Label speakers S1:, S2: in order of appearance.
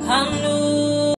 S1: i